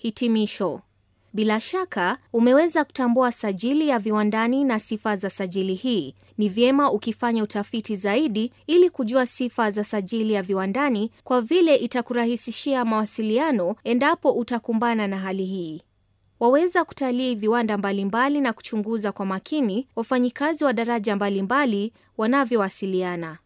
Hitimisho. Bila shaka umeweza kutambua sajili ya viwandani na sifa za sajili hii. Ni vyema ukifanya utafiti zaidi ili kujua sifa za sajili ya viwandani, kwa vile itakurahisishia mawasiliano endapo utakumbana na hali hii. Waweza kutalii viwanda mbalimbali na kuchunguza kwa makini wafanyikazi wa daraja mbalimbali wanavyowasiliana.